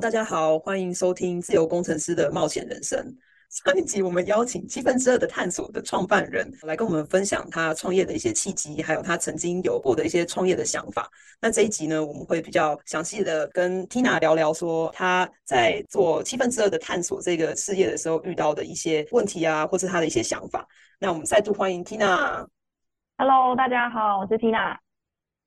大家好，歡迎收聽《自由工程師的冒險人生》。上一集我們邀請七分之二的探索的創辦人來跟我們分享他創業的一些契機，還有他曾經有過的一些創業的想法。那這一集呢，我們會比較詳細的跟 Tina 聊聊，說他在做七分之二的探索這個事業的時候遇到的一些問題啊，或是他的一些想法。那我們再度歡迎 Tina。Hello，大家好，我是 Tina。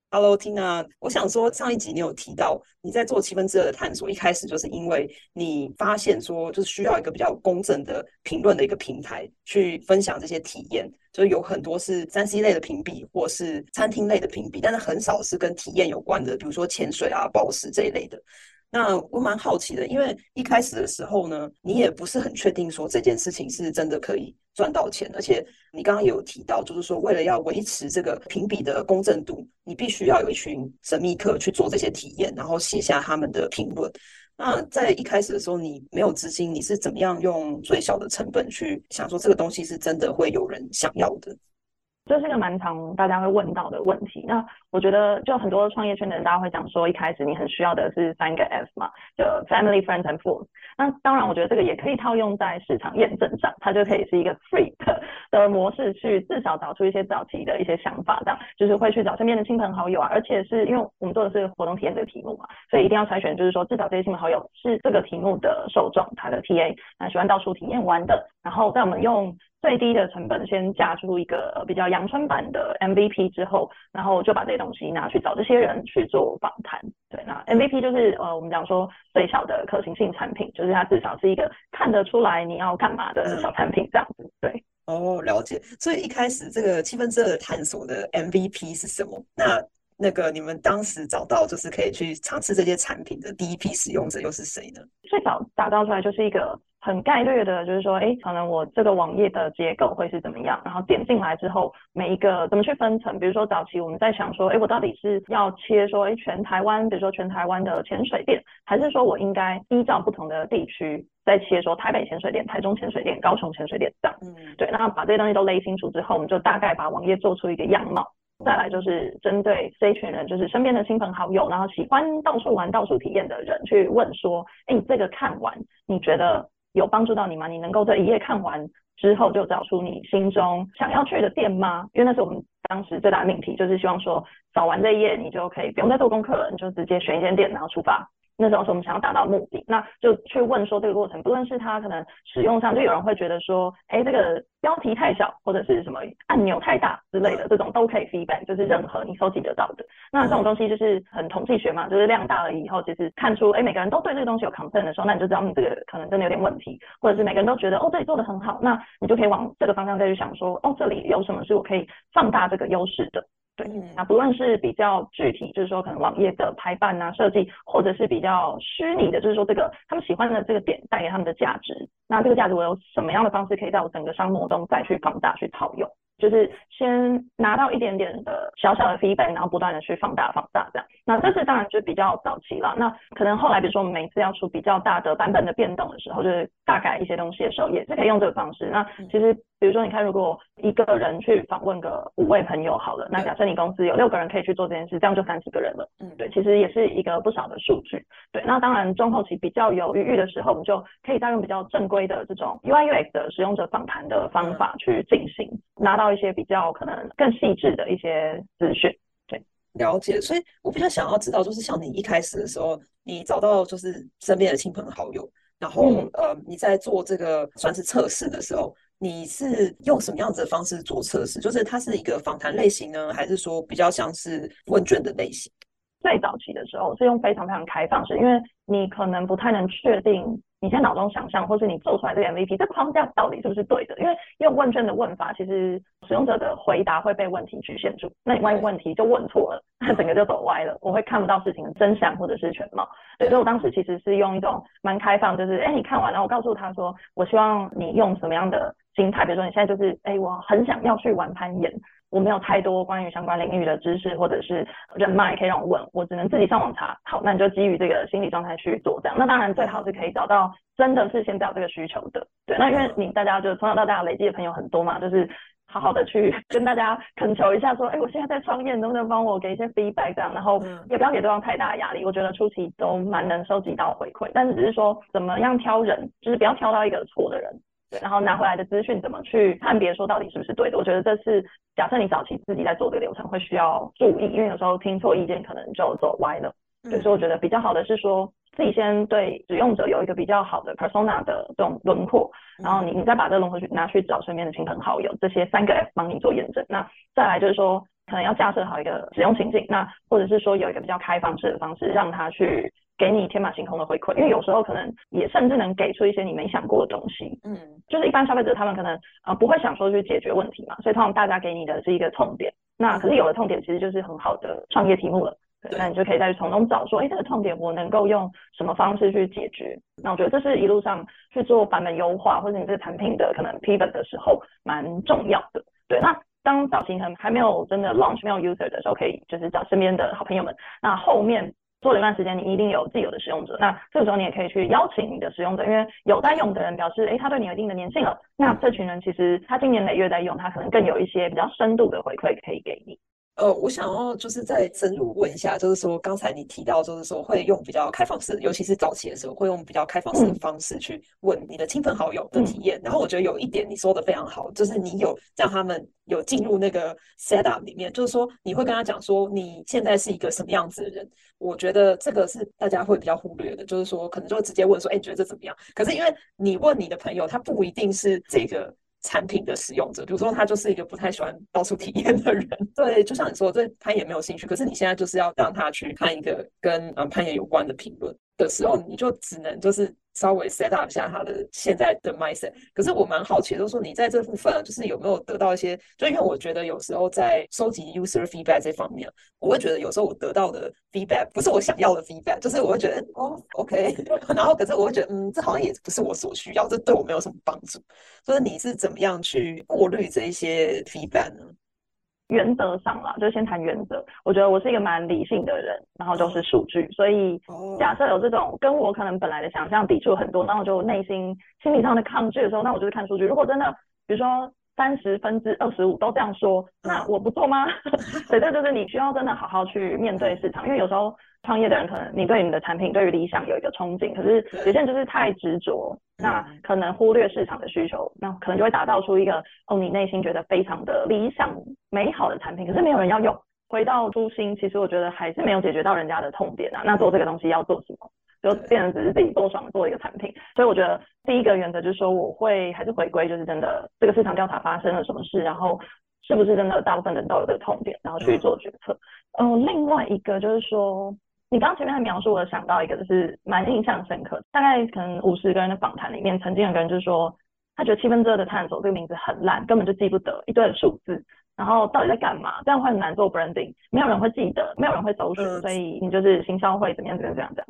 Hello Tina，我想說上一集你有提到你在做七分之二的探索，一開始就是因為你發現說就是需要一個比較公正的評論的一個平台去分享這些體驗，所以有很多是三 C 類的評比或是餐廳類的評比，但是很少是跟體驗有關的，比如說潛水啊、暴食這一類的。那我蠻好奇的，因為一開始的時候呢，你也不是很確定說這件事情是真的可以賺到錢，而且你剛剛有提到，就是說為了要維持這個評比的公正度，你必須要有一群神秘客去做這些體驗，然後寫下他們的評論。那在一開始的時候，你沒有資金，你是怎麼樣用最小的成本去想說這個東西是真的會有人想要的？這是個蠻常大家會問到的問題。那我覺得就很多創業圈的人，大家會講說，一開始你很需要的是三個 F 嘛，就 Family、Friends 和 Fools。那當然，我覺得這個也可以套用在市場驗證上，它就可以是一個 Free 的模式，去至少找出一些早期的一些想法，這樣就是會去找身邊的親朋好友啊。而且是因為我們做的是活動體驗的題目嘛，所以一定要篩選，就是說至少這些親朋好友是這個題目的受眾，他的 TA，那喜歡到處體驗玩的。然後在我們用最低的成本先加出一個比較陽春版的 MVP 之後，然後就把這個。東西拿去找這些人去做訪談，對。那 MVP 就是呃，我們講說最小的可行性產品，就是它至少是一個看得出來你要幹嘛的小產品這樣子，對、嗯。哦，了解。所以一開始這個七分之二的探索的 MVP 是什麼？那那個你們當時找到就是可以去嘗試這些產品的第一批使用者又是誰呢？最早打造出來就是一個。很概略的，就是說，哎，可能我這個網頁的結構會是怎麼樣？然後點進來之後，每一個怎麼去分層？比如說早期我們在想說，哎，我到底是要切說，哎，全台灣，比如說全台灣的潛水店，還是說我應該依照不同的地區再切說，台北潛水店、台中潛水店、高雄潛水店這樣？嗯，對。那把這些東西都釐清楚之後，我們就大概把網頁做出一個樣貌。再來就是針對這一群人，就是身邊的親朋好友，然後喜歡到處玩、到處體驗的人去問說，哎，這個看完你覺得？有幫助到你嗎？你能夠在一頁看完之後就找出你心中想要去的店嗎？因為那是我們當時最大的命題，就是希望說，找完這一頁你就可以不用再做功課了，你就直接選一間店，然後出發。那時候我們想要達到目的，那就去問說這個過程，不論是他可能使用上，就有人會覺得說，哎、欸，這個標題太小，或者是什麼按鈕太大之類的，這種都可以 feedback，就是任何你收集得到的。那這種東西就是很統計學嘛，就是量大了以後，其實看出哎、欸，每個人都對這個東西有 concern 的時候，那你就知道你這個可能真的有點問題，或者是每個人都覺得哦這裡做得很好，那你就可以往這個方向再去想說，哦這裡有什麼是我可以放大這個優勢的。對，那不論是比較具體，就是說可能網頁的排版啊設計，或者是比較虛擬的，就是說這個他們喜歡的這個點帶給他們的價值，那這個價值我有什麼樣的方式可以在我整個商模中再去放大去套用？就是先拿到一點點的小小的 feedback，然後不斷的去放大放大這樣。那這次當然就比較早期了，那可能後來比如說我們每次要出比較大的版本的變動的時候，就是大改一些東西的時候，也是可以用這個方式。那其實。比如說，你看，如果一個人去訪問個五位朋友好了，嗯、那假設你公司有六個人可以去做這件事，嗯、這樣就三十個人了。嗯，對，其實也是一個不少的數據。嗯、對，那當然中後期比較有餘裕的時候，我們就可以再用比較正規的這種 UI UX 的使用者訪談的方法去進行，嗯、拿到一些比較可能更細緻的一些資訊。對，了解。所以，我比較想要知道，就是像你一開始的時候，你找到就是身邊的親朋好友，然後、嗯、呃，你在做這個算是測試的時候。你是用什麼樣子的方式做測試？就是它是一個訪談類型呢，還是說比較像是問卷的類型？最早期的時候是用非常非常開放式，因為你可能不太能確定你現在腦中想象，或是你做出來這個 MVP 這框架到底是不是對的。因為用問卷的問法，其實使用者的回答會被問題局限住。那你萬一問題就問錯了，那對整個就走歪了，我會看不到事情的真相或者是全貌。對，所以，我當時其實是用一種蠻開放的，就是哎、欸，你看完了，我告訴他說，我希望你用什麼樣的。心態，比如說你現在就是，哎、欸，我很想要去玩攀岩，我沒有太多關於相關領域的知識，或者是人脈可以讓我問，我只能自己上網查。好，那你就基於這個心理狀態去做這樣。那當然最好是可以找到真的是現在有這個需求的，對。那因為你大家就從小到大累積的朋友很多嘛，就是好好的去跟大家懇求一下，說，哎、欸，我現在在創業，能不能幫我給一些 feedback 這樣？然後也不要給對方太大壓力，我覺得初期都蠻能收集到回饋，但是只是說怎麼樣挑人，就是不要挑到一個錯的人。對，然後拿回來的資訊怎麼去判別說到底是不是對的？我覺得這是假設你早期自己在做的流程會需要注意，因為有時候聽錯意見可能就走歪了。所以說，我覺得比較好的是說，自己先對使用者有一個比較好的 persona 的這種輪廓，嗯、然後你你再把這個輪廓去拿去找身邊的親朋好友，這些三個 F 幫你做驗證。那再來就是說，可能要架設好一個使用情景，那或者是說有一個比較開放式的方式讓他去。給你天馬行空的回饋，因為有時候可能也甚至能給出一些你沒想過的東西。嗯，就是一般消費者他們可能呃不會想說去解決問題嘛，所以通常大家給你的是一個痛點。那可是有了痛點，其實就是很好的創業題目了。對，那你就可以再去從中找說，誒，這個痛點我能夠用什麼方式去解決？那我覺得這是一路上去做版本優化或者你這個產品的可能 Pivot 的時候蠻重要的。對，那當早期他還沒有真的 Launch 沒有 User 的時候，可以就是找身邊的好朋友們。那後面。做了一段時間，你一定有既有的使用者。那這個時候你也可以去邀請你的使用者，因為有在用的人表示，誒、欸，他對你有一定的粘性了。那這群人其實他經年累月在用，他可能更有一些比較深度的回饋可以給你。呃，我想要就是再深入問一下，就是說剛才你提到，就是說會用比較開放式，嗯、尤其是早期的時候，會用比較開放式的方式去問你的親朋好友的體驗。嗯、然後我覺得有一點你說的非常好，就是你有讓他們有進入那個 set up 裡面，就是說你會跟他講說你現在是一個什麼樣子的人。我覺得這個是大家會比較忽略的，就是說可能就會直接問說，哎，你覺得這怎麼樣？可是因為你問你的朋友，他不一定是這個。產品的使用者，比如說他就是一個不太喜歡到處體驗的人，對，就像你說，對攀岩沒有興趣，可是你現在就是要讓他去看一個跟啊攀岩有關的評論的時候，你就只能就是稍微 set up 一下他的現在的 mindset。可是我蠻好奇，就是說你在這部分，就是有沒有得到一些？就因為我覺得有時候在收集 user feedback 這方面，我會覺得有時候我得到的 feedback 不是我想要的 feedback，就是我會覺得哦 OK，然後可是我會覺得嗯，這好像也不是我所需要，這對我沒有什麼幫助。所以你是怎麼樣去過濾這一些 feedback 呢？原則上啦，就先談原則。我覺得我是一個蠻理性的人，然後就是數據。所以假設有這種跟我可能本來的想象抵觸很多，然後我就內心心理上的抗拒的時候，那我就看數據。如果真的，比如說三十分之二十五都這樣說，那我不做嗎？ 對，這就是你需要真的好好去面對市場，因為有時候。創業的人可能你對你的產品對於理想有一個憧憬，可是有些人就是太執着，那可能忽略市場的需求，那可能就會打造出一個哦你內心覺得非常的理想美好的產品，可是沒有人要用。回到初心，其實我覺得還是沒有解決到人家的痛點啊。那做這個東西要做什麼？就變成只是自己多爽的做一個產品。所以我覺得第一個原則就是說，我會還是回歸，就是真的這個市場調查發生了什麼事，然後是不是真的大部分人都有這個痛點，然後去做決策。嗯、呃，另外一個就是說。你剛前面還描述，我想到一個就是蠻印象深刻的。大概可能五十個人的訪談裡面，曾經有個人就說，他覺得七分之二的探索這個名字很爛，根本就記不得一段數字，然後到底在幹嘛？這樣會很難做 branding，沒有人會記得，沒有人會搜索，所以你就是行銷會怎麼樣怎麼樣這樣，這樣。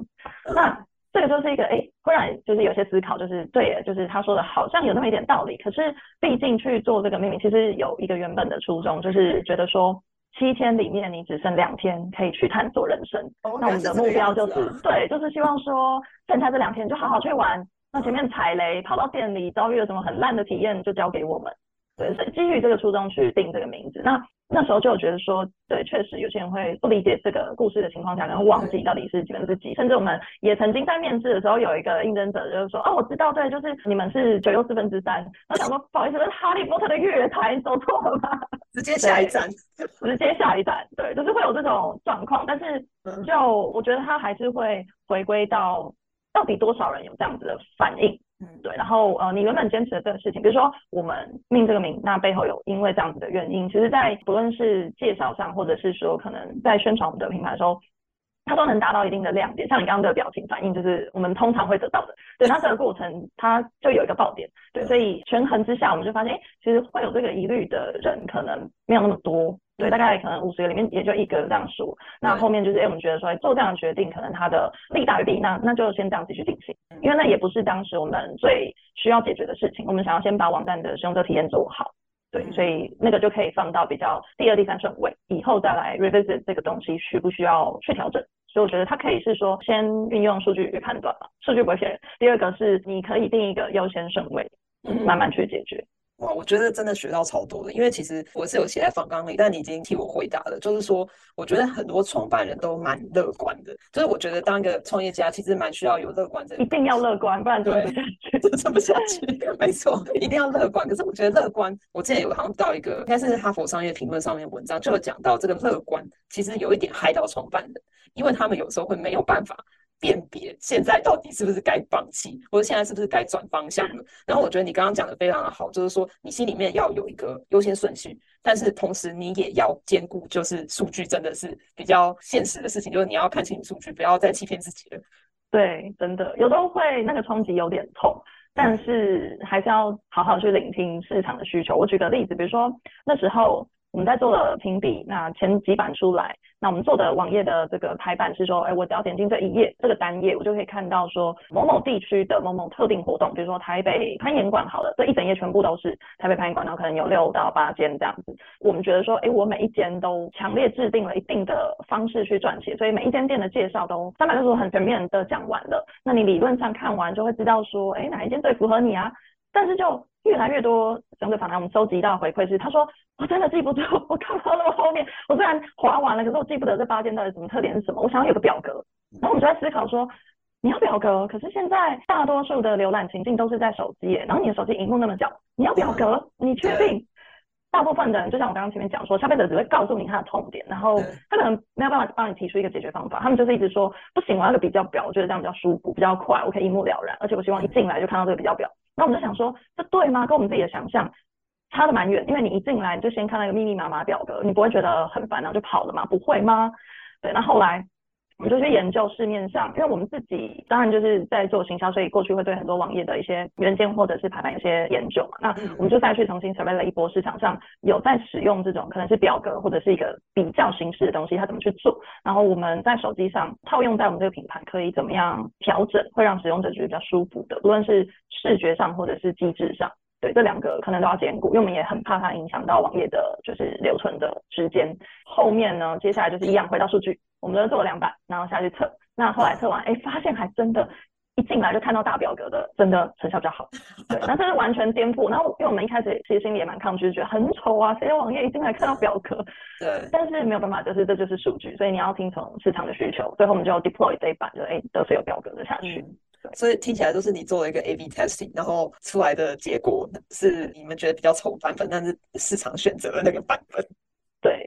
那這個就是一個哎，忽然就是有些思考，就是對，就是他說的好像有那麼一點道理。可是畢竟去做這個命名，其實有一個原本的初衷，就是覺得說。七天裡面，你只剩兩天可以去探索人生。那我們的目標就是， 對，就是希望說，剩下這兩天就好好去玩。那前面踩雷跑到店裡遭遇了什麼很爛的體驗，就交給我們。對，所以基於這個初衷去定這個名字。那那時候就覺得說，對，確實有些人會不理解這個故事的情況下，然後忘記到底是幾分之幾。對甚至我們也曾經在面試的時候，有一個應徵者就是說，哦，我知道，對，就是你們是九又四分之三。那 想說，不好意思，是哈利波特的月台走錯了。 直接下一站，直接下一站，對，就是會有這種狀況，但是就我覺得它還是會回歸到到底多少人有這樣子的反應，嗯，對，然後呃，你原本堅持的這個事情，比如說我們命這個名，那背後有因為這樣子的原因，其實在不論是介紹上，或者是說可能在宣傳我們的品牌的時候。它都能達到一定的亮點，像你剛剛的表情反應，就是我們通常會得到的。對，它這個過程，它就有一個爆點，對，所以權衡之下，我們就發現，哎，其實會有這個疑慮的人可能沒有那麼多，對，大概可能五十個裡面也就一個這樣數。那後面就是，哎、欸，我們覺得說做這樣的決定，可能它的利大於弊，那那就先這樣繼續進行，因為那也不是當時我們最需要解決的事情，我們想要先把網站的使用者體驗做好。對，所以那個就可以放到比較第二、第三順位，以後再來 revisit，這個東西需不需要去調整。所以我覺得它可以是說先運用數據去判斷嘛，數據不會騙人。第二個是你可以定一個優先順位，慢慢去解決。 哇，我覺得真的學到超多的，因為其實我是有寫在訪綱裡，但你已經替我回答了，就是說，我覺得很多創辦人都蠻樂觀的，就是我覺得當一個創業家其實蠻需要有樂觀的，一定要樂觀，不然對 就會一直這麼下去。沒錯，一定要樂觀。可是我覺得樂觀， 我之前有好像到一個，應該是哈佛商業評論上面的文章，就有講到這個樂觀其實有一點害到創辦人，因為他們有時候會沒有辦法。辨別現在到底是不是該放棄，或者現在是不是該轉方向了。嗯。然後我覺得你剛剛講的非常的好，就是說你心裡面要有一個優先順序，但是同時你也要兼顧，就是數據真的是比較現實的事情，就是你要看清數據，不要再欺騙自己了。對，真的有時候會那個衝擊有點痛，但是還是要好好去聆聽市場的需求。我舉個例子，比如說那時候。我們在做了評比，那前幾版出來，那我們做的網頁的這個排版是說，哎，我只要點進這一頁，這個單頁，我就可以看到說，某某地區的某某特定活動，比如說台北攀岩館好了，這一整頁全部都是台北攀岩館，然後可能有六到八間這樣子。我們覺得說，哎，我每一間都強烈制定了一定的方式去賺錢，所以每一間店的介紹都三百六十度很全面的講完了。那你理論上看完就會知道說，哎，哪一間最符合你啊？但是就越來越多相對訪談，我們收集到回饋是，他說我真的記不住，我看不到那麼後面。我雖然劃完了，可是我記不得這八件到底什麼特點是什麼。我想要有個表格，然後我們就在思考說，你要表格，可是現在大多數的瀏覽情境都是在手機、欸，然後你的手機熒幕那麼小，你要表格，你確定？大部分的人，就像我剛剛前面講說，消費者只會告訴你他的痛點，然後他可能沒有辦法幫你提出一個解決方法。他們就是一直說不行，我要個比較表，我覺得這樣比較舒服，比較快，我可以一目了然，而且我希望一進來就看到這個比較表。嗯、那我們就想說，這對嗎？跟我們自己的想象差的蠻遠，因為你一進來你就先看到一個密密麻麻表格，你不會覺得很煩，然後就跑了嘛？不會嗎？對，那後來。我們就去研究市面上。因為我們自己當然就是在做行銷，所以過去會對很多網頁的一些原件或者是排版一些研究嘛。那我們就再去重新準備了一波市場上有在使用這種可能是表格或者是一個比較形式的東西，它怎麼去做，然後我們在手機上套用在我們這個品牌，可以怎麼樣調整，會讓使用者覺得比較舒服的，無論是視覺上或者是機制上。對，這兩個可能都要兼顧，因為我們也很怕它影響到網頁的，就是留存的時間。後面呢，接下來就是一樣回到數據，我們就做了兩版，然後下去測。那後來測完，哎，發現還真的，一進來就看到大表格的，真的成效比較好。對，那這是完全顛覆。然後因為我們一開始其實心裡也蠻抗拒，覺得很醜啊，誰的網頁一進來看到表格？對，但是沒有辦法，就是這就是數據，所以你要聽從市場的需求。最後我們就要 deploy 這一版，就哎都是有表格的下去。所以聽起來就是你做了一個 A/B testing，然後出來的結果是你們覺得比較醜版本，但是市場選擇了那個版本。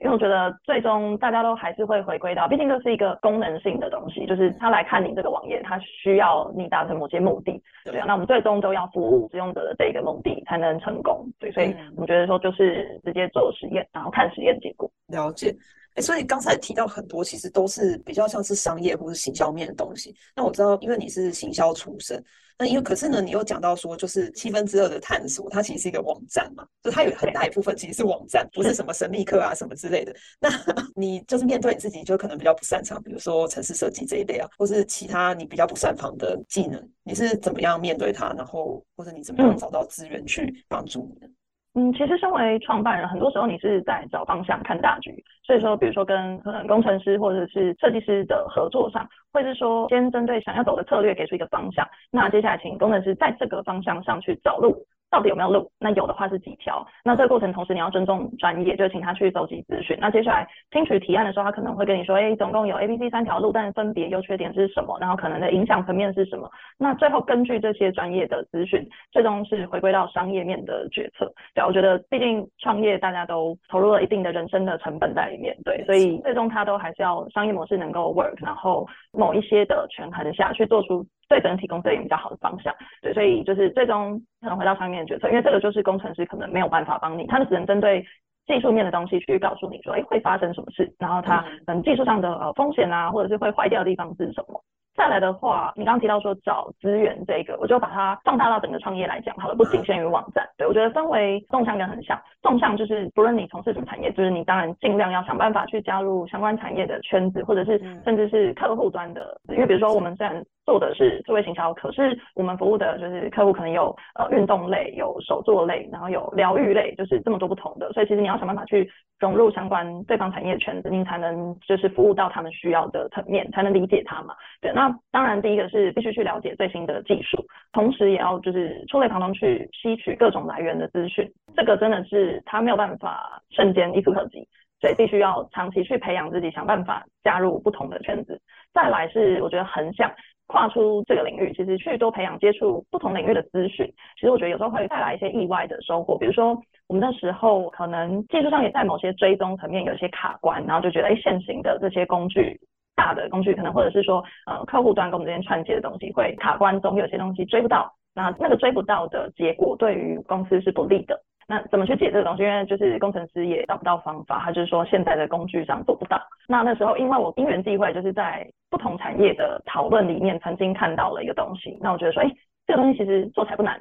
因為我覺得最終大家都還是會回歸到，畢竟這是一個功能性的東西，就是它來看你這個網頁，它需要你達成某些目的。對啊，那我們最終都要服務使用者的這個目的才能成功。對，所以我們覺得說就是直接做實驗，然後看實驗結果。了解。欸，所以剛才提到很多，其實都是比較像是商業或是行銷面的東西。那我知道，因為你是行銷出身。那因為可是呢，你又講到說，就是七分之二的探索，它其實是一個網站嘛，就它有很大一部分其實是網站，不是什麼神秘課啊什麼之類的。那你就是面對你自己，就可能比較不擅長，比如說程式設計這一類啊，或是其他你比較不擅長的技能，你是怎麼樣面對它，然後或者你怎麼樣找到資源去幫助你呢？嗯，其實身為創辦人，很多時候你是在找方向、看大局。所以說，比如說跟可能、嗯、工程師或者是設計師的合作上，會是說先針對想要走的策略給出一個方向，那接下來請工程師在這個方向上去走路。到底有沒有路？那有的話是幾條？那這個過程同時你要尊重專業，就請他去搜集資訊。那接下來聽取提案的時候，他可能會跟你說：“誒、欸，總共有 A、B、C 三條路，但是分別優缺點是什麼？然後可能的影響層面是什麼？”那最後根據這些專業的資訊，最終是回歸到商業面的決策。對，我覺得畢竟創業大家都投入了一定的人生的成本在裡面，對，所以最終他都還是要商業模式能夠 work，然後某一些的權衡下去做出。對整體公司也比較好的方向，對，所以就是最終可能回到上面的決策，因為這個就是工程師可能沒有辦法幫你，他只能針對技術面的東西去告訴你說，哎，會發生什麼事，然後他嗯技術上的風險啊，或者是會壞掉的地方是什麼。再來的話，你剛剛提到說找資源這個，我就把它放大到整個創業來講好了，的不僅限於網站。對，我覺得分為縱向跟橫向，縱向就是不論你從事什麼產業，就是你當然盡量要想辦法去加入相關產業的圈子，或者是甚至是客戶端的，因為比如說我們雖然做的是智慧營銷，可是我們服務的就是客戶，可能有呃運動類、有手作類，然後有療癒類，就是這麼多不同的，所以其實你要想辦法去融入相關對方產業圈子，你才能就是服務到他們需要的層面，才能理解他嘛。對，那當然第一個是必須去了解最新的技術，同時也要就是觸類旁通去吸取各種來源的資訊，這個真的是他沒有辦法瞬間一蹴可及，所以必須要長期去培養自己，想辦法加入不同的圈子。再來是我覺得橫向。跨出這個領域，其實去多培養接觸不同領域的資訊，其實我覺得有時候會帶來一些意外的收穫。比如說，我們那時候可能技術上也在某些追蹤層面有些卡關，然後就覺得，哎，現行的這些工具，大的工具可能或者是說，呃，客戶端跟我們這邊串接的東西會卡關，總有些東西追不到，那那個追不到的結果對於公司是不利的。那怎麼去解這個東西？因為就是工程師也找不到方法，他就是說現在的工具上做不到。那那時候，因為我因緣際會，就是在不同產業的討論裡面，曾經看到了一個東西。那我覺得說，哎、欸，這個東西其實做起來不難。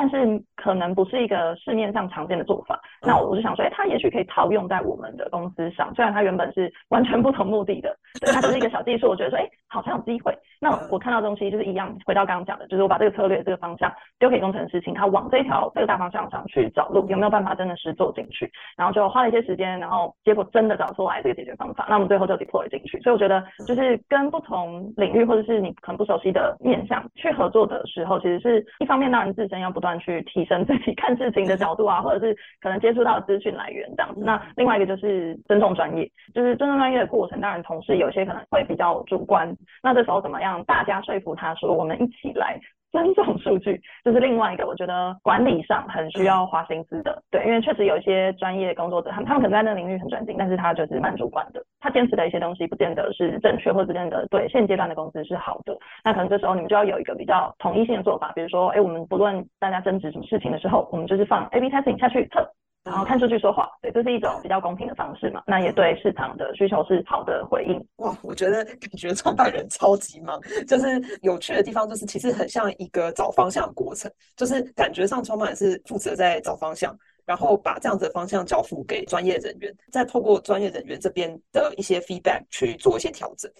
但是可能不是一個市面上常見的做法，那我就想說，哎、欸，他也許可以套用在我們的公司上，雖然他原本是完全不同目的的，對，他只是一個小技術，我覺得說，哎、欸，好像有機會。那我看到的東西就是一樣，回到剛剛講的，就是我把這個策略、這個方向丟給工程師，請他往這條這個大方向上去找路，有沒有辦法真的實做進去？然後就花了一些時間，然後結果真的找出來這個解決方法，那我們最後就 deploy 進去。所以我覺得，就是跟不同領域或者是你可能不熟悉的面向去合作的時候，其實是一方面，讓人自身要不斷。去提升自己看事情的角度啊，或者是可能接觸到的資訊來源這樣子。那另外一個就是尊重專業，就是尊重專業的過程。當然，同事有些可能會比較主觀，那這時候怎麼樣？大家說服他說，我們一起來。尊重數據就是另外一個，我覺得管理上很需要花心思的。對，因為確實有一些專業工作者，他們他們可能在那個領域很專精，但是他就是蠻主觀的，他堅持的一些東西不見得是正確，或不見得對現階段的公司是好的，那可能這時候你們就要有一個比較統一性的做法，比如說，哎、欸，我們不論大家爭執什麼事情的時候，我們就是放 A B Testing 下去測。然後看數據說話，對，這是一種比較公平的方式嘛。那也對市場的需求是好的回應。哇，我覺得感覺創辦人超級忙，就是有趣的地方就是其實很像一個找方向的過程，就是感覺上創辦人是負責在找方向，然後把這樣子的方向交付給專業人員，再透過專業人員這邊的一些 feedback 去做一些調整。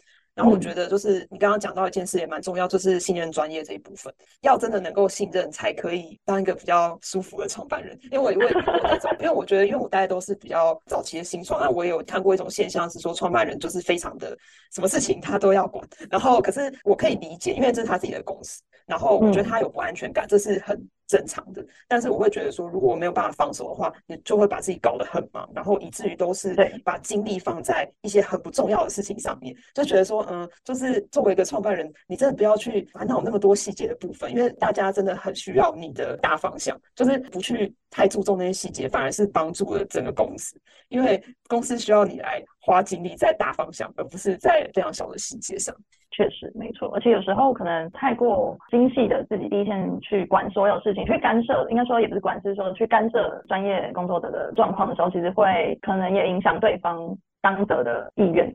然後我覺得就是你剛剛講到一件事也蠻重要，就是信任專業這一部分，要真的能夠信任，才可以當一個比較舒服的創辦人。因為我也我也因為我覺得因為我大家都是比較早期的新創，那我也有看過一種現象是說，創辦人就是非常的什麼事情他都要管，然後可是我可以理解，因為這是他自己的公司，然後我覺得他有不安全感，這是很正常的，但是我會覺得說，如果我沒有辦法放手的話，你就會把自己搞得很忙，然後以至於都是把精力放在一些很不重要的事情上面，就覺得說，嗯，就是作為一個創辦人，你真的不要去煩惱那麼多細節的部分，因為大家真的很需要你的大方向，就是不去太注重那些細節，反而是幫助了整個公司，因為公司需要你來花精力在大方向，而不是在非常小的細節上。確實沒錯，而且有時候可能太過精細的自己第一線去管所有事情，去干涉，應該說也不是管，是說去干涉專業工作者的狀況的時候，其實會可能也影響對方當得的意願。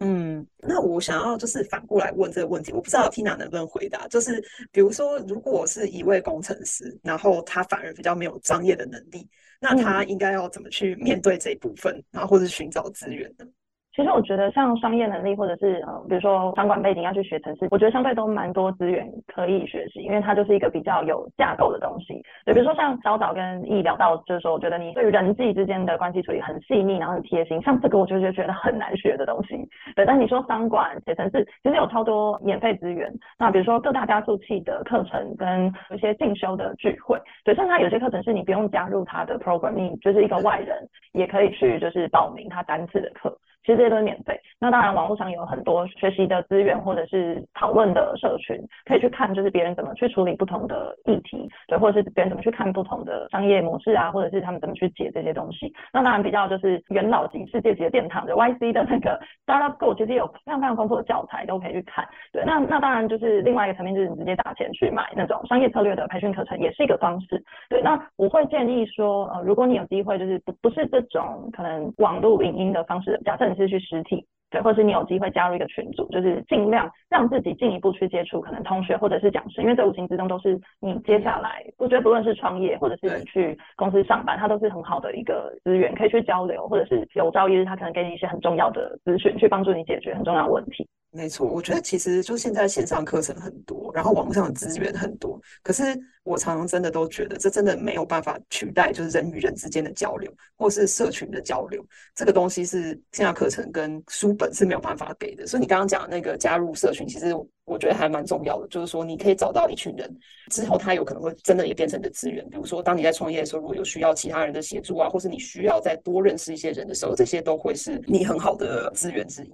嗯，那我想要就是反過來問這個問題，我不知道 Tina 能不能回答，就是比如說如果我是一位工程師，然後他反而比較沒有專業的能力，那他應該要怎麼去面對這一部分，然後或是尋找資源呢？其實我覺得像商業能力，或者是呃、嗯，比如說商管背景要去學程式，我覺得相對都蠻多資源可以學習，因為它就是一個比較有架構的東西。對，比如說像早早跟易聊到，就是說我覺得你對於人際之間的關係處理很細膩，然後很貼心，像這個我就是覺得很難學的東西。對，但你說商管、寫程式，其實有超多免費資源。那比如說各大加速器的課程跟一些進修的聚會，對，像它有些課程是你不用加入它的 programming，就是一個外人也可以去就是報名它單次的課。其實這些都是免費。那當然，網絡上有很多學習的資源，或者是討論的社群，可以去看，就是別人怎麼去處理不同的議題，對，或者是別人怎麼去看不同的商業模式啊，或者是他們怎麼去解這些東西。那當然，比較就是元老級、世界級的殿堂就 YC 的那個 Startup School，其實也有非常非常豐富的教材，都可以去看。對，那那當然就是另外一個層面，就是你直接打錢去買那種商業策略的培訓課程，也是一個方式。對，那我會建議說，呃，如果你有機會，就是不不是這種可能網絡影音的方式正，假設。是去實體，對，或者是你有機會加入一個群組，就是盡量讓自己進一步去接觸可能同學或者是講師，因為這五行之中都是你接下來，我覺得不論是創業或者是你去公司上班，它都是很好的一個資源，可以去交流，或者是有朝一日它可能給你一些很重要的資訊，去幫助你解決很重要的問題。沒錯，我覺得其實就現在線上課程很多，然後網絡上的資源很多。可是我常常真的都覺得，這真的沒有辦法取代，就是人與人之間的交流，或是社群的交流。這個東西是線下課程跟書本是沒有辦法給的。所以你剛剛講那個加入社群，其實我覺得還蠻重要的。就是說，你可以找到一群人之後，他有可能會真的也變成你的資源。比如說，當你在創業的時候，如果有需要其他人的協助啊，或是你需要再多認識一些人的時候，這些都會是你很好的資源之一。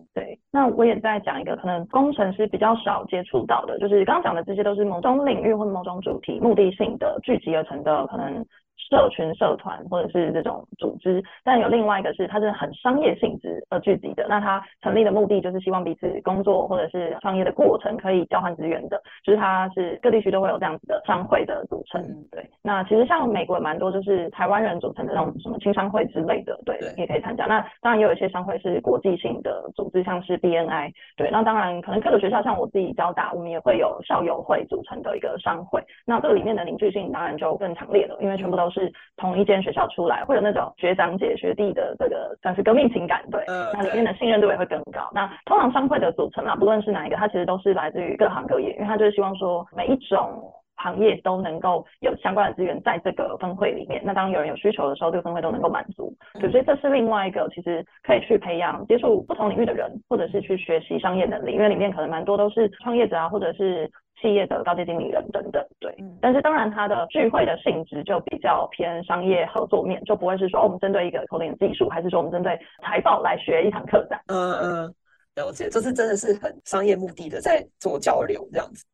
那我也再講一個，可能工程師比較少接觸到的，就是剛剛講的這些都是某種領域或某種主題目的性的聚集而成的，可能。社群、社團或者是這種組織，但有另外一個是它是很商業性質而聚集的。那它成立的目的就是希望彼此工作或者是創業的過程可以交換資源的，就是它是各地區都會有這樣子的商會的組成。對，那其實像美國也蠻多就是台灣人組成的那種什麼青商會之類的，對，對也可以參加。那當然也有一些商會是國際性的組織，像是 BNI，對，那當然可能各個學校像我自己交大，我們也會有校友會組成的一個商會。那這個裡面的凝聚性當然就更強烈了，因為全部都是。同一間學校出來，會有那種學長姐、學弟的這個算是革命情感，對，那裡面的信任度也會更高。那通常商會的組成嘛，不論是哪一個，它其實都是來自於各行各業，因為他就是希望說每一種。行業都能夠有相關的資源，在這個分會裡面，那當有人有需求的時候，這個分會都能夠滿足。嗯。所以這是另外一個其實可以去培養接觸不同領域的人，或者是去學習商業能力，因為裡面可能蠻多都是創業者啊，或者是企業的高階經理人等等。對，嗯、但是當然它的聚會的性質就比較偏商業合作面，就不會是說我們針對一個 coding 的技術，還是說我們針對財報來學一堂課的。對，嗯嗯，了解，這，就是真的是很商業目的的在做交流這樣子。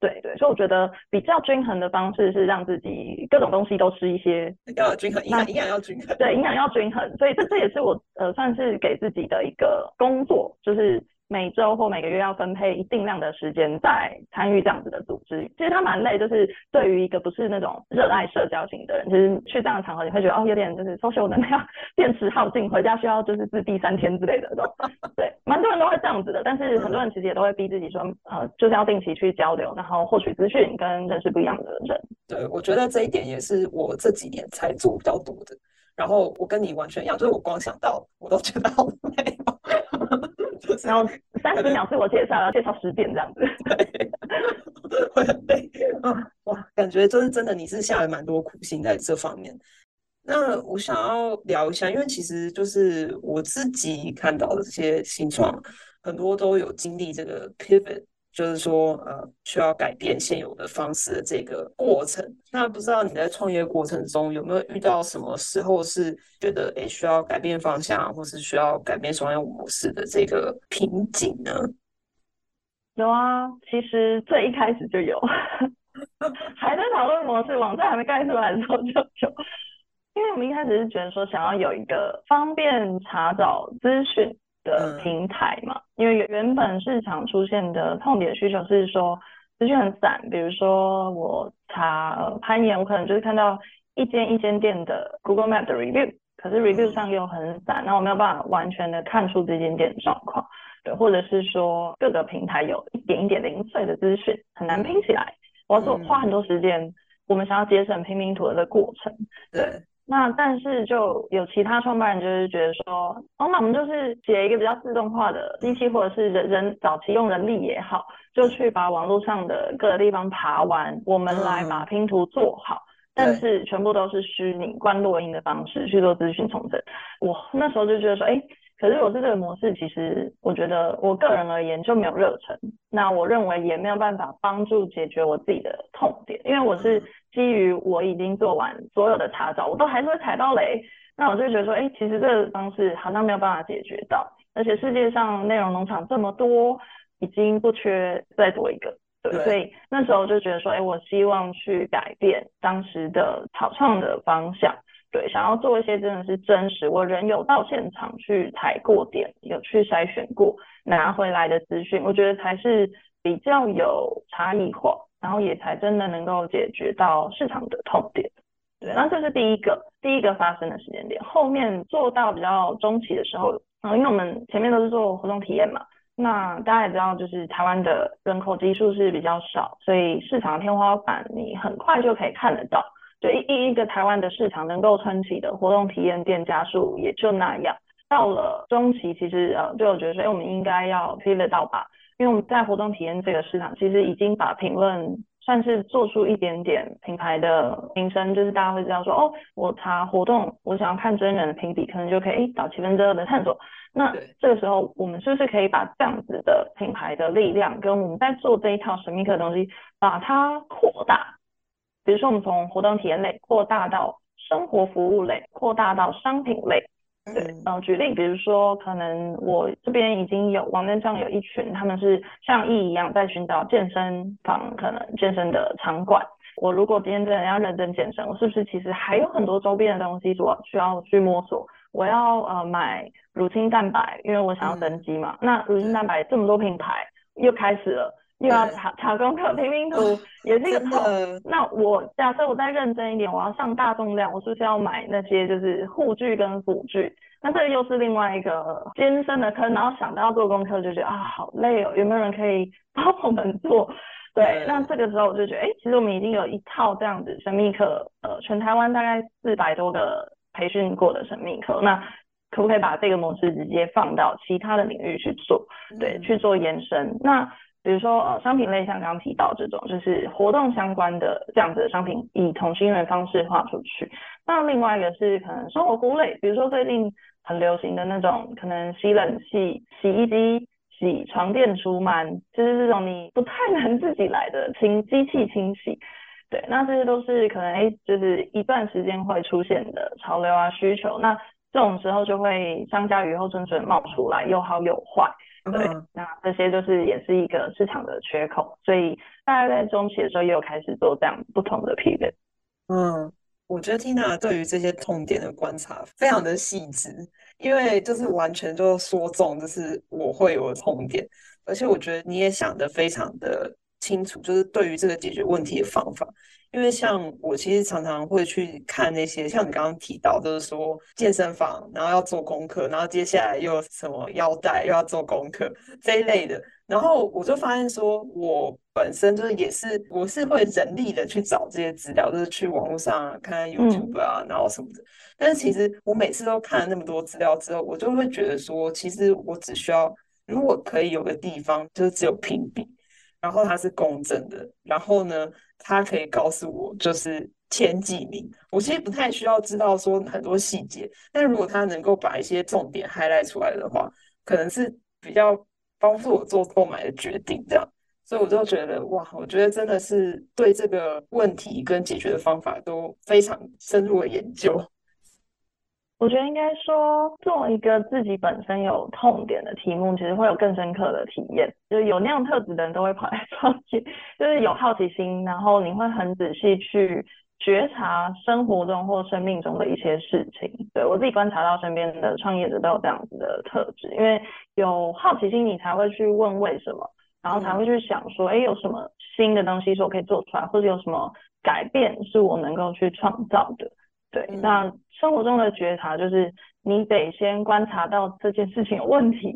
對對，所以我覺得比較均衡的方式是讓自己各種東西都吃一些，要均衡，營養營養要均衡，對，營養要均衡。所以這這也是我呃算是給自己的一個工作，就是。每週或每個月要分配一定量的時間在參與這樣子的組織，其實他蠻累，就是對於一個不是那種熱愛社交型的人，其實去這樣的場合你會覺得哦，有點就是 social 能量，電池耗盡，回家需要就是自閉三天之類的，都對，蠻多人都會這樣子的。但是很多人其實也都會逼自己說， 呃，就是要定期去交流，然後獲取資訊，跟認識不一樣的人。對，我覺得這一點也是我這幾年才做比較多的。然後我跟你完全一樣，就是我光想到我都覺得好累。然後三十秒自我介紹，對要介紹十遍這樣子，對，會很累哇。哇，感覺就是真的，你是下了蠻多苦心在這方面。那我想要聊一下，因為其實就是我自己看到的這些新創，很多都有經歷這個 pivot。就是說，呃，需要改變現有的方式的這個過程。那不知道你在創業過程中有沒有遇到什麼時候是覺得，欸，需要改變方向，或是需要改變商業模式的這個瓶頸呢？有啊，其實在一開始就有， 還在討論模式，網站還沒蓋出來的時候就有。就因為我們一開始是覺得說，想要有一個方便查找資訊。的平台嘛，嗯、因為原本市場出現的痛點需求是說資訊很散，比如說我查攀岩，我可能就是看到一間一間店的 Google Map 的 review，可是 review 上又很散，那、嗯、我沒有辦法完全的看出這間店的狀況，對，或者是說各個平台有一點一點零碎的資訊，很難拼起來，嗯、我要做花很多時間，我們想要節省拼拼圖的的過程，對。嗯對。那、啊、但是就有其他創辦人就是覺得說，哦，那我們就是寫一個比較自動化的機器，或者是人人早期用人力也好，就去把網絡上的各個地方爬完，我們來把拼圖做好。Uh huh. 但是全部都是虛擬觀落陰的方式去做資訊重整。我那時候就覺得說，哎、欸。可是我對這個模式，其實我覺得我個人而言就沒有熱忱，那我認為也沒有辦法幫助解決我自己的痛點，因為我是基於我已經做完所有的查找，我都還是會踩到雷，那我就覺得說，哎、欸，其實這個方式好像沒有辦法解決到，而且世界上內容農場這麼多，已經不缺再多一個，對，對，所以那時候就覺得說，哎、欸，我希望去改變當時的草創的方向。對，想要做一些真的是真實，我人有到現場去踩過點，有去篩選過拿回來的資訊，我覺得才是比較有差異化，然後也才真的能夠解決到市場的痛點。對，那這是第一個，第一個發生的時間點。後面做到比較中期的時候，嗯，因為我們前面都是做活動體驗嘛，那大家也知道，就是台灣的人口基數是比較少，所以市場天花板你很快就可以看得到。就一一一個台灣的市場能夠撐起的活動體驗店家數也就那樣。到了中期，其實呃，就我覺得，哎，我們應該要 pivot 到吧，因為我們在活動體驗這個市場，其實已經把評論算是做出一點點品牌的名聲，就是大家會知道說，哦，我查活動，我想要看真人的評比，可能就可以找七分之二的探索。那這個時候，我們是不是可以把這樣子的品牌的力量，跟我們在做這一套神秘客的東西，把它擴大？比如說，我們從活動體驗類擴大到生活服務類，擴大到商品類。對，然後、嗯呃、舉例，比如說，可能我這邊已經有網站上有一群，他們是像 E 一樣在尋找健身房，可能健身的場館。我如果今天真的要認真健身，我是不是其實還有很多周邊的東西，主要需要去摸索？我要呃買乳清蛋白，因為我想要增肌嘛。嗯、那乳清蛋白這麼多品牌，又開始了。又要查對查功課、拼拼圖，嗯、也是一個痛。的那我假設我再認真一點，我要上大重量，我是不是要買那些就是護具跟輔具？那這個又是另外一個健身的坑。嗯、然後想到要做功課就覺得啊，好累哦。有沒有人可以幫我們做？對，對，那這個時候我就覺得，哎，其實我們已經有一套這樣子神秘課，呃，全台灣大概四百多個培訓過的神秘課，那可不可以把這個模式直接放到其他的領域去做？嗯、對，去做延伸。那比如說，呃，商品類像剛提到這種就是活動相關的這樣子的商品以同心圓方式畫出去，那另外一個是可能生活服務類，比如說最近很流行的那種可能洗冷氣、洗衣機、洗床墊除蟎，就是這種你不太能自己來的清，清機器清洗，對，那這些都是可能哎就是一段時間會出現的潮流啊需求，那這種時候就會商家雨後春筍冒出來，有好有壞。 對，那這些就是也是一個市場的缺口，所以大家在中期的時候也有開始做這樣不同的品類。嗯，我覺得 Tina 對於這些痛點的觀察非常的細緻，因為就是完全就說中，就是我會有痛點，而且我覺得你也想得非常的清楚，就是對於這個解決問題的方法。因為像我其實常常會去看那些像你剛剛提到，就是說健身房，然後要做功課，然後接下來又什麼腰帶又要做功課這一類的，然後我就發現說，我本身就是也是我是會人力的去找這些資料，就是去網絡上、啊、看 YouTube 啊，然後什麼的。嗯、但是其實我每次都看了那麼多資料之後，我就會覺得說，其實我只需要如果可以有個地方，就是只有評比，然後它是公正的，然後呢，他可以告訴我，就是前幾名，我其實不太需要知道說很多細節。但如果他能夠把一些重點 highlight 出來的話，可能是比較幫助我做購買的決定這樣。所以我就覺得，哇，我覺得真的是對這個問題跟解決的方法都非常深入的研究。我覺得應該說，做一個自己本身有痛點的題目，其實會有更深刻的體驗。就是有那樣特質的人都會跑來創業，就是有好奇心，然後你會很仔細去覺察生活中或生命中的一些事情。對，我自己觀察到身邊的創業者都有這樣子的特質，因為有好奇心，你才會去問為什麼，然後才會去想說，哎、嗯，有什麼新的東西是我可以做出來，或者有什麼改變是我能夠去創造的。對，那生活中的覺察就是你得先觀察到這件事情有問題，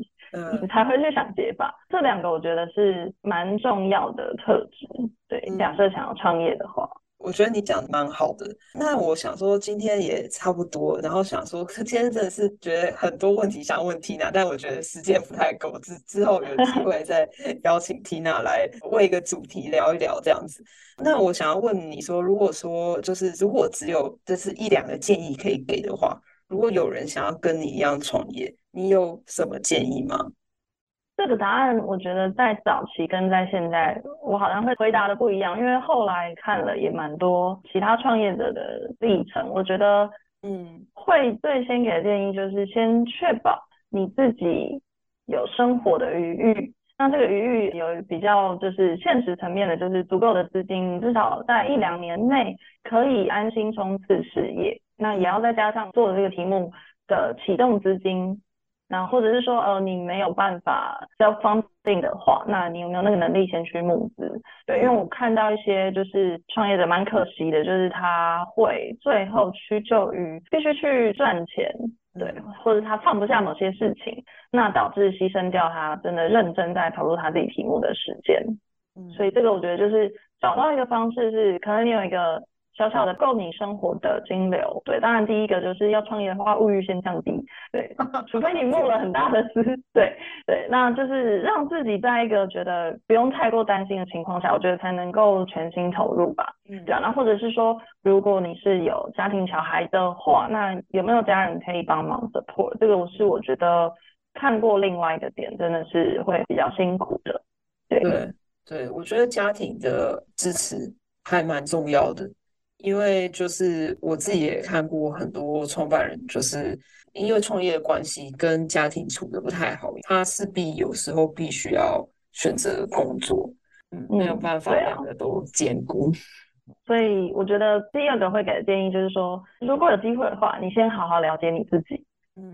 你才會去想解法。嗯、這兩個我覺得是蠻重要的特質。對，假設、嗯、想要創業的話。我覺得你講的蠻好的，那我想說今天也差不多，然後想說今天真的是覺得很多問題想問 Tina，但我覺得時間不太夠，之之後有機會再邀請 Tina 來為一個主題聊一聊這樣子。那我想要問你說，如果說就是如果只有這是一兩個建議可以給的話，如果有人想要跟你一樣創業，你有什麼建議嗎？這個答案我覺得在早期跟在現在，我好像會回答的不一樣，因為後來看了也蠻多其他創業者的歷程，我覺得嗯，會最先給的建議就是先確保你自己有生活的餘裕，那這個餘裕有比較就是現實層面的，就是足夠的資金，至少在一兩年內可以安心衝刺事業，那也要再加上做的這個題目的啟動資金。那或者是說，呃，你沒有辦法 self funding 的話，那你有沒有那個能力先去募資？對，因為我看到一些就是創業者蠻可惜的，嗯、就是他會最後屈就於必須去賺錢，對，或者他放不下某些事情，嗯、那導致犧牲掉他真的認真在投入他自己題目的時間。嗯，所以這個我覺得就是找到一個方式是，可能你有一個。小小的夠你生活的金流，對，當然第一個就是要創業的話，物欲先降低，對， 除非你募了很大的資，對對，那就是讓自己在一個覺得不用太過擔心的情況下，我覺得才能夠全心投入吧，嗯對、啊，然後或者是說，如果你是有家庭小孩的話，那有沒有家人可以幫忙 support？這個我是我覺得看過另外一個點，真的是會比較辛苦的，對對，對我覺得家庭的支持還蠻重要的。因為就是我自己也看過很多創辦人，就是因為創業的關係跟家庭處得不太好，他勢必有時候必須要選擇工作，嗯嗯、沒有辦法兩個、啊、都兼顧。所以我覺得第二個會給的建議就是說，如果有機會的話，你先好好了解你自己，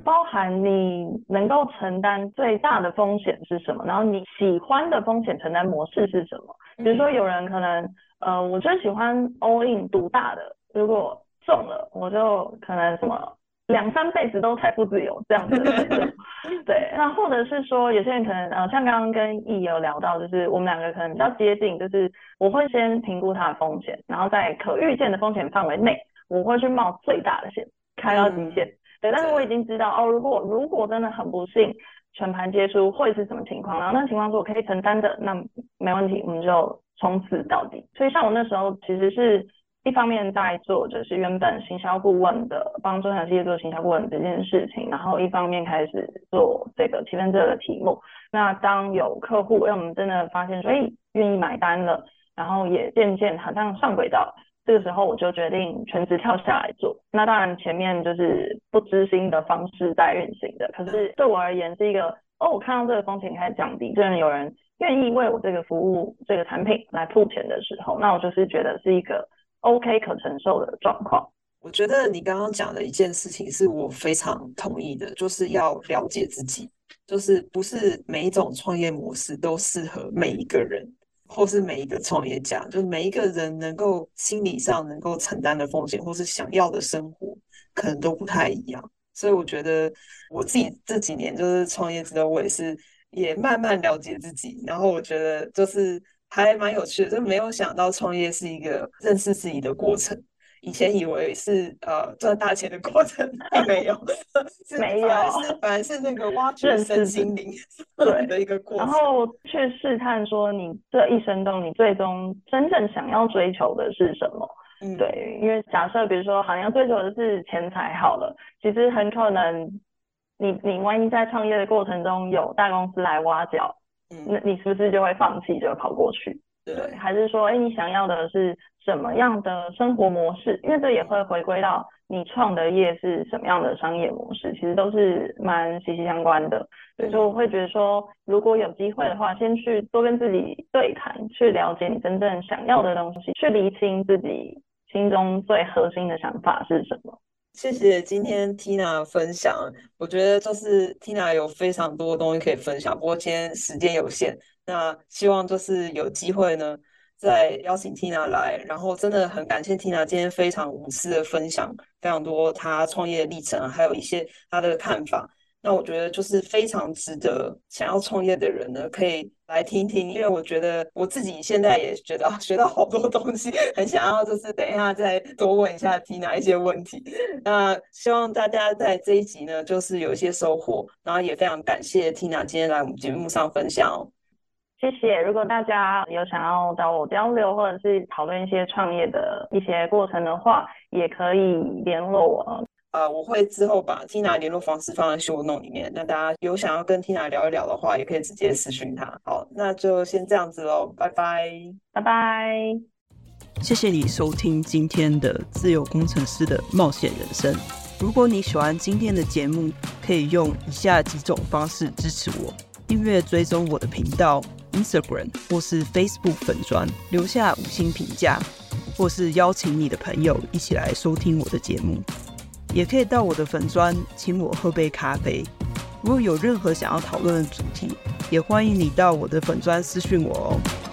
包含你能夠承擔最大的風險是什麼，然後你喜歡的風險承擔模式是什麼。比如說有人可能。呃，我最喜歡 all in 獨大的，如果中了，我就可能什麼兩三輩子都財富自由這樣子。 對，那或者是說，有些人可能，呃，像剛剛跟易友聊到，就是我們兩個可能比較接近，就是我會先評估它的風險，然後在可預見的風險範圍內，我會去冒最大的險，開到極限。嗯、對，但是我已經知道，對哦，如果如果真的很不幸，全盤皆輸，會是什麼情況，然後那情況是我可以承擔的，那沒問題，我們就。衝刺到底，所以像我那時候其實是一方面在做，就是原本行銷顧問的，幫中小企業做行銷顧問這件事情，然後一方面開始做這個七分之二這個題目。那當有客戶，因為我們真的發現說，所、欸、以願意買單了，然後也漸漸好像上軌道。這個時候我就決定全職跳下來做。那當然前面就是不知心的方式在運行的，可是對我而言是一個，哦，我看到這個風險開始降低，真的有人。願意為我這個服務、這個產品來付錢的時候，那我就是覺得是一個 OK 可承受的狀況。我覺得你剛剛講的一件事情是我非常同意的，就是要了解自己，就是不是每一種創業模式都適合每一個人，或是每一個創業家，就是每一個人能夠心理上能夠承擔的風險，或是想要的生活，可能都不太一樣。所以我覺得我自己這幾年就是創業之後，我也是。也慢慢了解自己，然後我覺得就是還蠻有趣的，就沒有想到創業是一個認識自己的過程，以前以為是呃賺大錢的過程，並沒， 是沒有，沒有，是反正是那個挖掘身心靈對的一個過程，然後去試探說你這一生中你最終真正想要追求的是什麼？嗯，對，因為假設比如說好像要追求的是錢財好了，其實很可能，嗯。你你萬一在創業的過程中有大公司來挖角，嗯，那你是不是就會放棄，就跑過去？對，對，還是說，哎、欸，你想要的是什麼樣的生活模式？因為這也會回歸到你創的業是什麼樣的商業模式，其實都是蠻息息相關的。對，所以說，我會覺得說，如果有機會的話，先去多跟自己對談，去了解你真正想要的東西，去釐清自己心中最核心的想法是什麼。謝謝今天 Tina 分享，我覺得就是 Tina 有非常多東西可以分享，不過今天時間有限，那希望就是有機會呢，再邀請 Tina 來，然後真的很感謝 Tina 今天非常無私的分享，非常多她創業歷程，還有一些她的看法。那我覺得就是非常值得想要創業的人呢，可以來聽聽，因為我覺得我自己現在也覺得學到好多東西，很想要就是等一下再多問一下 Tina 一些問題。那希望大家在這一集呢，就是有一些收穫，然後也非常感謝 Tina 今天來我們節目上分享哦。謝謝。如果大家有想要找我交流或者是討論一些創業的一些過程的話，也可以聯絡我。啊、呃，我會之後把 Tina 聯絡方式放在 show note 裡面。那大家有想要跟 Tina 聊一聊的話，也可以直接私訊他。好，那就先這樣子嘍，拜拜，拜拜 bye。謝謝你收聽今天的自由工程師的冒險人生。如果你喜歡今天的節目，可以用以下幾種方式支持我：訂閱追蹤我的頻道、Instagram 或是 Facebook 粉專，留下五星評價，或是邀請你的朋友一起來收聽我的節目。也可以到我的粉專，請我喝杯咖啡。如果有任何想要討論的主題，也歡迎你到我的粉專私訊我哦。